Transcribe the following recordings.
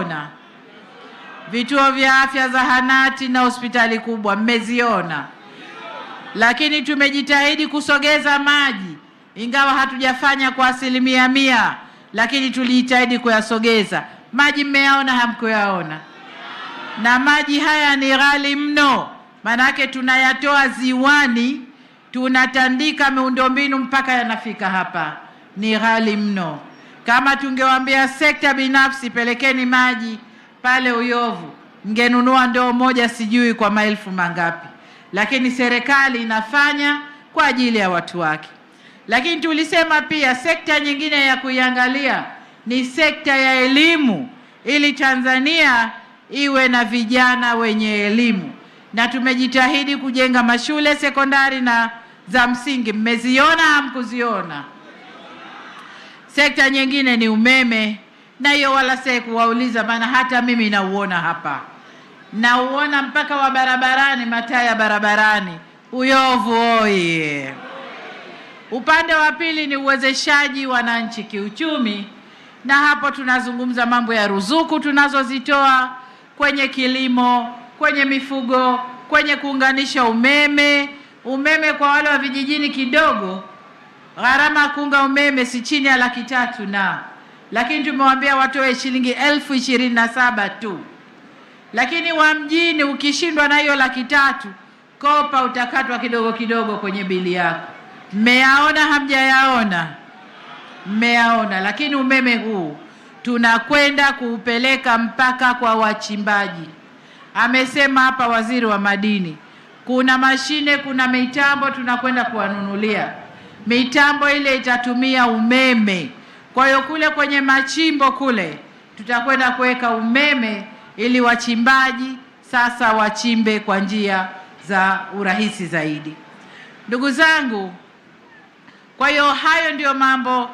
mmeziona. Vituo vya afya, zahanati na hospitali kubwa mmeziona, lakini tumejitahidi kusogeza maji, ingawa hatujafanya kwa asilimia mia, lakini tulijitahidi kuyasogeza maji. Mmeyaona hamkuyaona? Na maji haya ni ghali mno, maanake tunayatoa ziwani, tunatandika miundombinu mpaka yanafika hapa, ni ghali mno. Kama tungewaambia sekta binafsi, pelekeni maji pale Uyovu, mngenunua ndoo moja sijui kwa maelfu mangapi, lakini serikali inafanya kwa ajili ya watu wake. Lakini tulisema pia sekta nyingine ya kuiangalia ni sekta ya elimu, ili Tanzania iwe na vijana wenye elimu, na tumejitahidi kujenga mashule sekondari na za msingi. Mmeziona hamkuziona? Sekta nyingine ni umeme, na hiyo wala si kuwauliza, maana hata mimi nauona hapa, nauona mpaka wa barabarani, mataa ya barabarani. Uyovu oye! Upande wa pili ni uwezeshaji wananchi kiuchumi, na hapo tunazungumza mambo ya ruzuku tunazozitoa kwenye kilimo, kwenye mifugo, kwenye kuunganisha umeme. Umeme kwa wale wa vijijini kidogo Gharama ya umeme si chini ya laki tatu na lakini tumewaambia watoe shilingi elfu ishirini na saba tu. Lakini wa mjini ukishindwa na hiyo laki tatu, kopa utakatwa kidogo kidogo kwenye bili yako. Mmeyaona hamjayaona? Mmeyaona. Lakini umeme huu tunakwenda kuupeleka mpaka kwa wachimbaji. Amesema hapa waziri wa madini, kuna mashine, kuna mitambo tunakwenda kuwanunulia mitambo ile itatumia umeme. Kwa hiyo kule kwenye machimbo kule tutakwenda kuweka umeme ili wachimbaji sasa wachimbe kwa njia za urahisi zaidi. Ndugu zangu, kwa hiyo hayo ndiyo mambo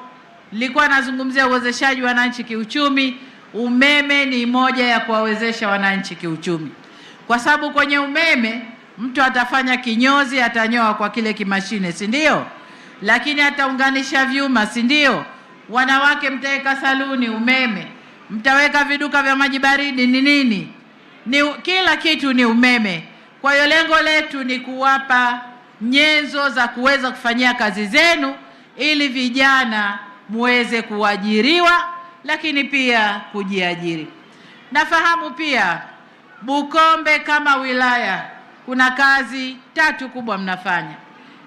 nilikuwa nazungumzia, uwezeshaji wananchi kiuchumi. Umeme ni moja ya kuwawezesha wananchi kiuchumi, kwa sababu kwenye umeme mtu atafanya kinyozi, atanyoa kwa kile kimashine, si ndio? lakini ataunganisha vyuma, si ndio? Wanawake mtaweka saluni, umeme, mtaweka viduka vya maji baridi, ni nini? Ni kila kitu ni umeme. Kwa hiyo lengo letu ni kuwapa nyenzo za kuweza kufanyia kazi zenu ili vijana muweze kuajiriwa, lakini pia kujiajiri. Nafahamu pia Bukombe kama wilaya kuna kazi tatu kubwa mnafanya.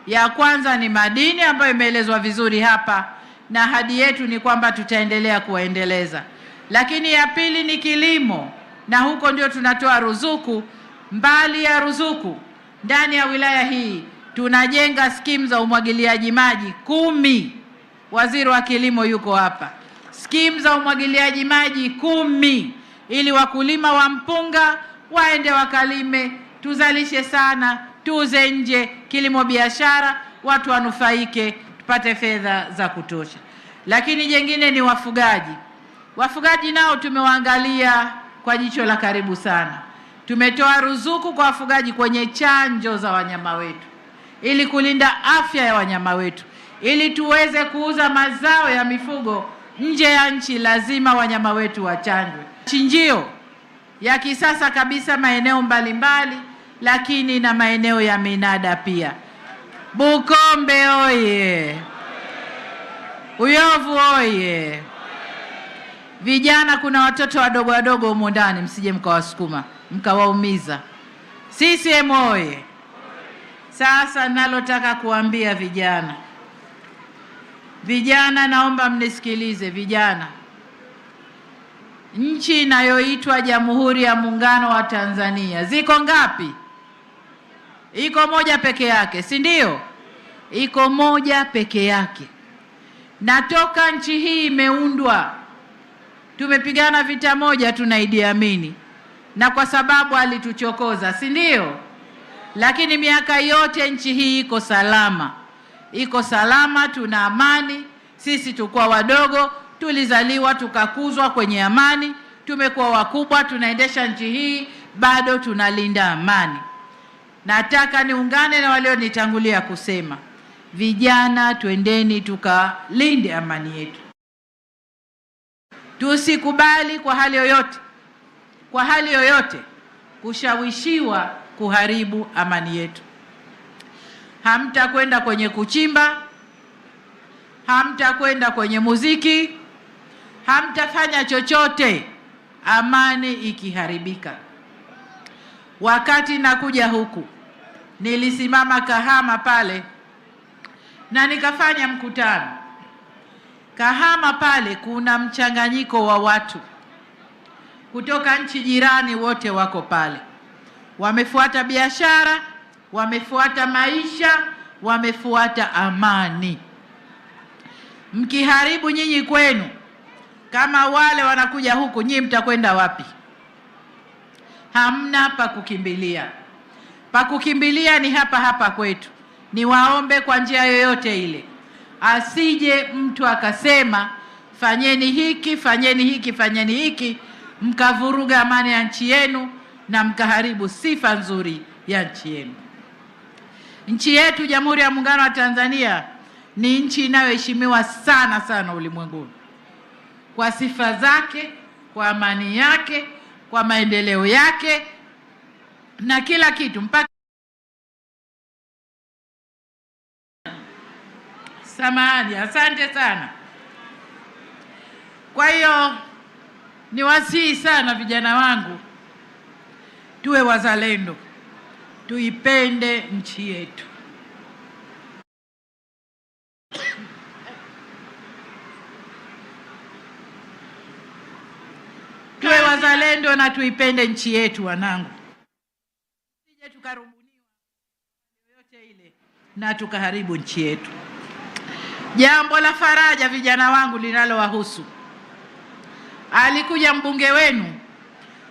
Ya kwanza ni madini ambayo imeelezwa vizuri hapa, na ahadi yetu ni kwamba tutaendelea kuwaendeleza. Lakini ya pili ni kilimo, na huko ndio tunatoa ruzuku. Mbali ya ruzuku, ndani ya wilaya hii tunajenga skimu za umwagiliaji maji kumi. Waziri wa kilimo yuko hapa. Skimu za umwagiliaji maji kumi ili wakulima wa mpunga waende wakalime, tuzalishe sana tuuze nje, kilimo biashara, watu wanufaike, tupate fedha za kutosha. Lakini jengine ni wafugaji. Wafugaji nao tumewaangalia kwa jicho la karibu sana. Tumetoa ruzuku kwa wafugaji kwenye chanjo za wanyama wetu, ili kulinda afya ya wanyama wetu, ili tuweze kuuza mazao ya mifugo nje ya nchi, lazima wanyama wetu wachanjwe. Chinjio ya kisasa kabisa maeneo mbalimbali mbali lakini na maeneo ya minada pia. Bukombe oye! Uyovu oye! Vijana, kuna watoto wadogo wadogo humo ndani, msije mkawasukuma mkawaumiza. CCM oye! Sasa nalotaka kuambia vijana, vijana, naomba mnisikilize vijana. Nchi inayoitwa Jamhuri ya Muungano wa Tanzania ziko ngapi? iko moja peke yake, si ndio? Iko moja peke yake, na toka nchi hii imeundwa tumepigana vita moja, tunaidiamini Idi Amini, na kwa sababu alituchokoza, si ndio? Lakini miaka yote nchi hii iko salama, iko salama, tuna amani. Sisi tukuwa wadogo, tulizaliwa tukakuzwa kwenye amani. Tumekuwa wakubwa, tunaendesha nchi hii, bado tunalinda amani. Nataka niungane na walionitangulia kusema, vijana, twendeni tukalinde amani yetu. Tusikubali kwa hali yoyote, kwa hali yoyote kushawishiwa kuharibu amani yetu. Hamtakwenda kwenye kuchimba, hamtakwenda kwenye muziki, hamtafanya chochote amani ikiharibika. Wakati nakuja huku nilisimama Kahama pale na nikafanya mkutano Kahama pale. Kuna mchanganyiko wa watu kutoka nchi jirani, wote wako pale, wamefuata biashara, wamefuata maisha, wamefuata amani. Mkiharibu nyinyi kwenu, kama wale wanakuja huku, nyinyi mtakwenda wapi? hamna pa kukimbilia. Pa kukimbilia ni hapa hapa kwetu. Niwaombe kwa njia yoyote ile, asije mtu akasema fanyeni hiki, fanyeni hiki, fanyeni hiki, mkavuruga amani ya nchi yenu na mkaharibu sifa nzuri ya nchi yenu. Nchi yetu Jamhuri ya Muungano wa Tanzania ni nchi inayoheshimiwa sana sana ulimwenguni kwa sifa zake, kwa amani yake kwa maendeleo yake na kila kitu mpaka samahani. Asante sana. Kwa hiyo niwasihi sana vijana wangu, tuwe wazalendo, tuipende nchi yetu. wazalendo na tuipende nchi yetu, wanangu, sije tukarubuniwa yoyote ile na tukaharibu nchi yetu. Jambo la faraja, vijana wangu, linalowahusu alikuja mbunge wenu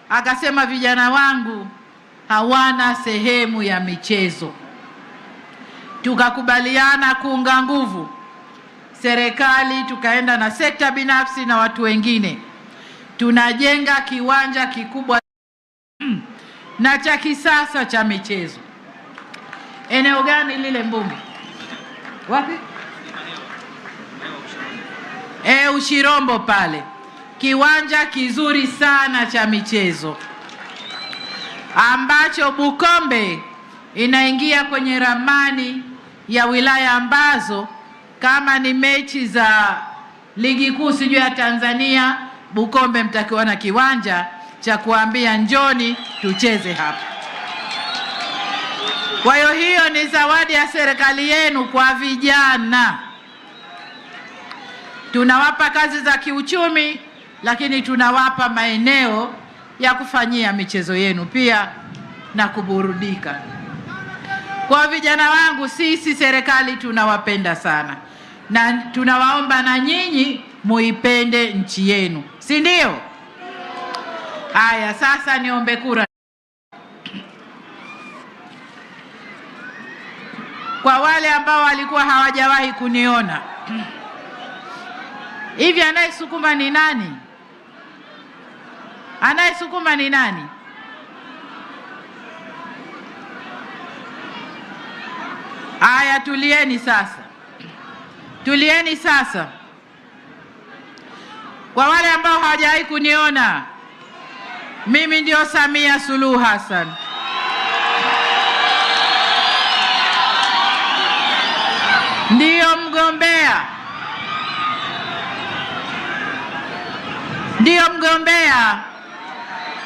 akasema, vijana wangu hawana sehemu ya michezo. Tukakubaliana kuunga nguvu serikali, tukaenda na sekta binafsi na watu wengine tunajenga kiwanja kikubwa hmm, na cha kisasa cha michezo. Eneo gani lile Mbunge? Wapi? E, Ushirombo pale, kiwanja kizuri sana cha michezo ambacho Bukombe inaingia kwenye ramani ya wilaya ambazo kama ni mechi za ligi kuu sijui ya Tanzania Bukombe mtakiwa na kiwanja cha kuambia njoni tucheze hapa. Kwa hiyo hiyo ni zawadi ya serikali yenu kwa vijana. Tunawapa kazi za kiuchumi, lakini tunawapa maeneo ya kufanyia michezo yenu pia na kuburudika. Kwa vijana wangu, sisi serikali tunawapenda sana na tunawaomba na nyinyi muipende nchi yenu, si ndio? Haya, sasa niombe kura kwa wale ambao walikuwa hawajawahi kuniona. Hivi anayesukuma ni nani? Anayesukuma ni nani? Haya, tulieni sasa, tulieni sasa. Kwa wale ambao hawajawahi kuniona, mimi ndio Samia Suluhu Hassan. Ndiyo mgombea, ndiyo mgombea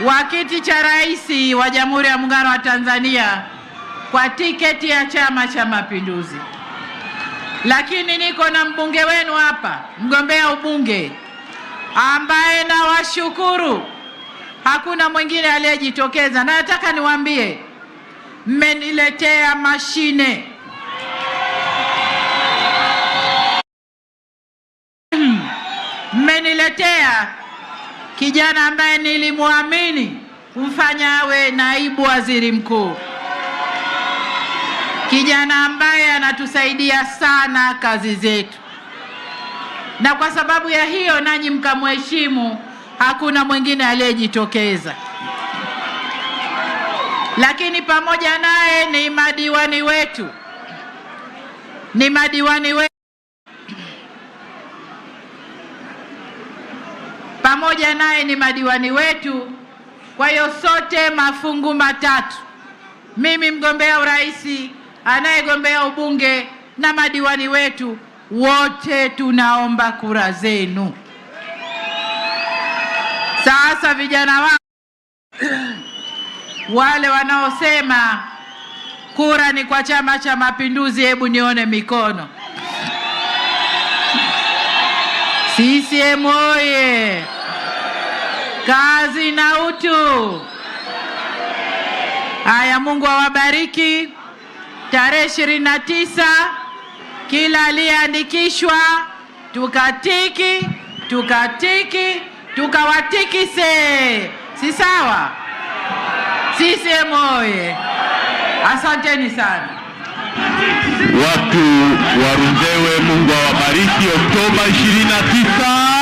wa kiti cha rais wa Jamhuri ya Muungano wa Tanzania kwa tiketi ya Chama cha Mapinduzi, lakini niko na mbunge wenu hapa, mgombea ubunge ambaye nawashukuru hakuna mwingine aliyejitokeza, na nataka niwaambie, mmeniletea mashine mmeniletea kijana ambaye nilimwamini kumfanya awe naibu waziri mkuu, kijana ambaye anatusaidia sana kazi zetu na kwa sababu ya hiyo nanyi mkamheshimu. Hakuna mwingine aliyejitokeza, lakini pamoja naye ni madiwani wetu, ni madiwani wetu pamoja naye ni madiwani wetu. Kwa hiyo sote mafungu matatu, mimi mgombea urais, anayegombea ubunge na madiwani wetu wote tunaomba kura zenu. Sasa vijana wangu, wale wanaosema kura ni kwa Chama cha Mapinduzi, hebu nione mikono. CCM oye! Kazi na utu. Haya, Mungu awabariki. Tarehe ishirini na tisa kila aliyeandikishwa tukatiki tukatiki tukawatikise, si sawa? sisiemu oye! Asanteni sana watu wa Runzewe, Mungu awabariki. Oktoba 29